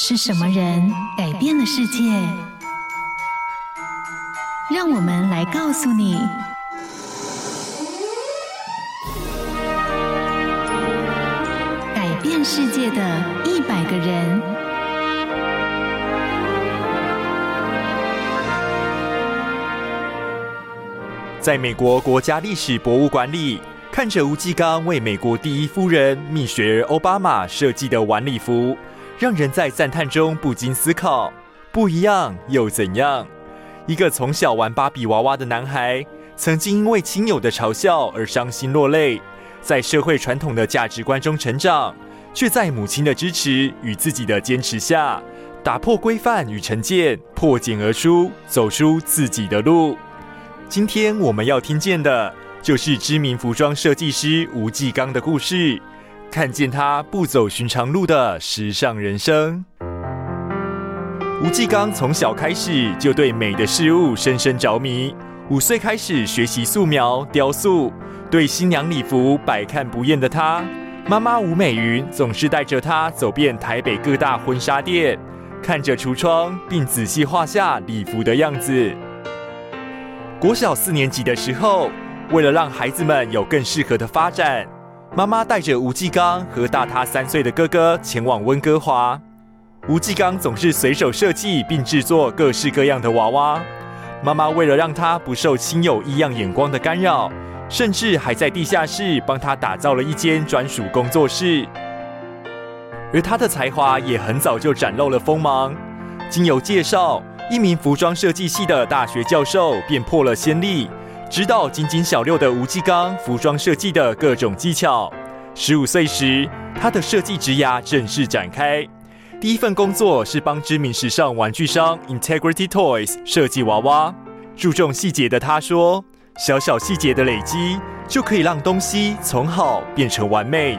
是什麼人改變了世界？讓我們來告訴你：改變世界的一百個人。在美國國家歷史博物館裡，看着吳季剛為美國第一夫人蜜雪兒奧巴馬設計的晚禮服。讓人在讚嘆中不禁思考：不一樣又怎樣？一個從小玩芭比娃娃的男孩，曾經因為親友的嘲笑而傷心落淚，在社會傳統的價值觀中成長，卻在母親的支持與自己的堅持下，打破規範與成見，破繭而出，走出自己的路。今天我們要聽見的，就是知名服裝設計師吳季剛的故事。看見他不走尋常路的時尚人生。吳季剛從小開始就對美的事物深深着迷，五歲開始學習素描、雕塑。對新娘禮服百看不厭的他，媽媽吳美雲總是帶着他走遍台北各大婚紗店，看着櫥窗，並仔細畫下禮服的樣子。國小四年級的時候，為了讓孩子們有更適合的發展。媽媽帶着吳季剛和大他三歲的哥哥前往溫哥華。吳季剛總是隨手設計並製作各式各樣的娃娃。媽媽為了讓他不受親友異樣眼光的干擾，甚至還在地下室幫他打造了一間專屬工作室。而他的才華也很早就展露了鋒芒。經由介紹，一名服裝設計系的大學教授便破了先例。知道僅僅小六的吳季剛服裝設計的各種技巧。十五歲時，他的設計職涯正式展開。第一份工作是幫知名時尚玩具商 Integrity Toys 設計娃娃。注重細節的他說：“小小細節的累積，就可以讓東西從好變成完美。”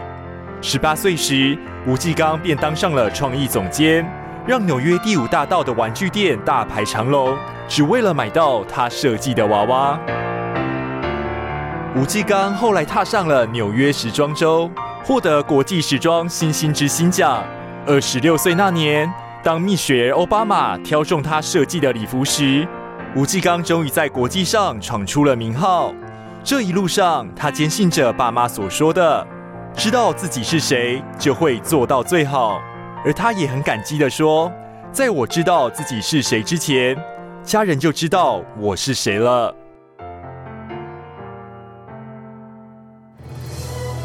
十八歲時，吳季剛便當上了創意總監，讓紐約第五大道的玩具店大排長龍，只為了買到他設計的娃娃。吳季剛後來踏上了紐約時裝週，獲得國際時裝新星之星獎。二十六歲那年，當蜜雪兒歐巴馬挑中他設計的禮服時，吳季剛終於在國際上闖出了名號。這一路上，他堅信着爸媽所說的：“知道自己是誰，就會做到最好。”而他也很感激的說：“在我知道自己是誰之前，家人就知道我是誰了。”